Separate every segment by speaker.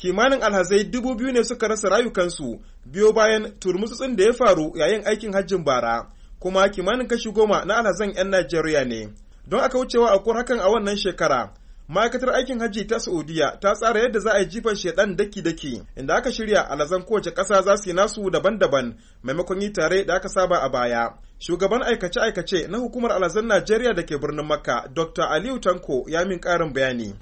Speaker 1: kimanin alhazai dubu biyu ne suka rasa rayukansu biyo bayan turmutsutsin da ya faru yayin aikin hajjin bara kuma kimanin kashi goma na alhazan 'yan najeriya ne don aka wucewa akwai hakan a wannan shekara ma'aikatar aikin hajji ta saudiya ta tsara yadda za a yi jifan shaidan daki-daki inda aka shirya alhazan kowace ƙasa za su yi nasu daban-daban maimakon yi tare da aka saba a baya shugaban aikace-aikace na hukumar alhazan najeriya da ke birnin makka dr aliyu tanko ya min ƙarin bayani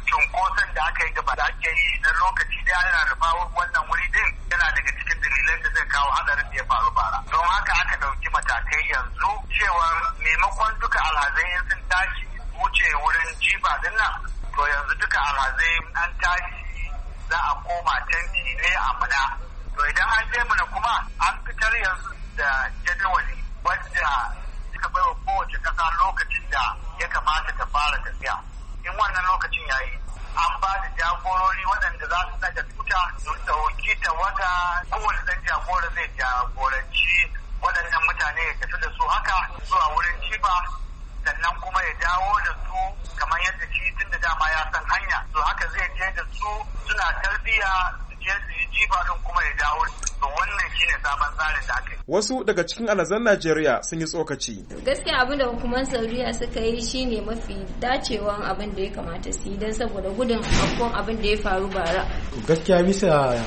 Speaker 2: ba da ake yi na lokaci da yana rufa wannan wuri din yana daga cikin dalilan da zai kawo hadarin da ya faru bara don haka aka ɗauki matakai yanzu cewa maimakon duka alhazai in sun tashi wuce wurin jifa din nan to yanzu duka alhazai an tashi za a koma tanti ne a muna to idan an je muna kuma an fitar yanzu da jadawali wadda suka baiwa kowace kasa lokacin da ya kamata ta fara tafiya in wannan lokacin haka mun ta wata kowane ɗan jagora zai jagoranci waɗannan mutane ya tafi da su haka zuwa wurin ciba sannan kuma ya dawo da su kamar yadda shi tun da dama ya san hanya to haka zai je da su suna tarbiyya su je su yi jiba kuma ya dawo sabon tsarin da aka yi.
Speaker 1: Wasu daga cikin alazan Najeriya sun yi tsokaci.
Speaker 3: Gaskiya abin da hukumar Saudiya suka yi shine mafi dacewan abin da ya kamata su yi don saboda gudun akwai abin da ya faru bara.
Speaker 1: Gaskiya bisa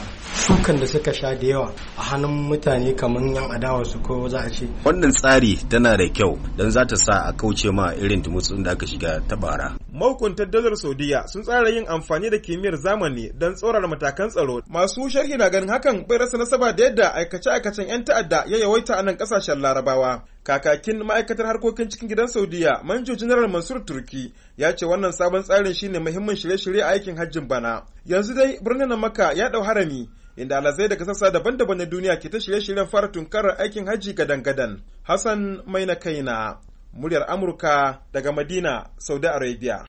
Speaker 1: sukan da suka sha da yawa a hannun mutane kamar yan adawa su ko za a ce. Wannan tsari tana da kyau don za ta sa a kauce ma irin tumutsun da aka shiga ta bara. mahukuntan dalar saudiya sun tsara yin amfani da kimiyyar zamani don tsorara matakan tsaro masu sharhi na ganin hakan bai rasa nasaba da yadda aikace-aikacen 'yan ta'adda ya yawaita a nan kasashen larabawa kakakin ma'aikatar harkokin cikin gidan saudiya manjo general mansur turki ya ce wannan sabon tsarin shine muhimmin shirye-shirye a aikin hajjin bana yanzu dai birnin maka ya dau harami inda alazai daga sassa daban-daban na duniya ke ta shirye-shiryen fara tunkarar aikin hajji gadan-gadan hassan mai na kaina muryar amurka daga madina saudi arabia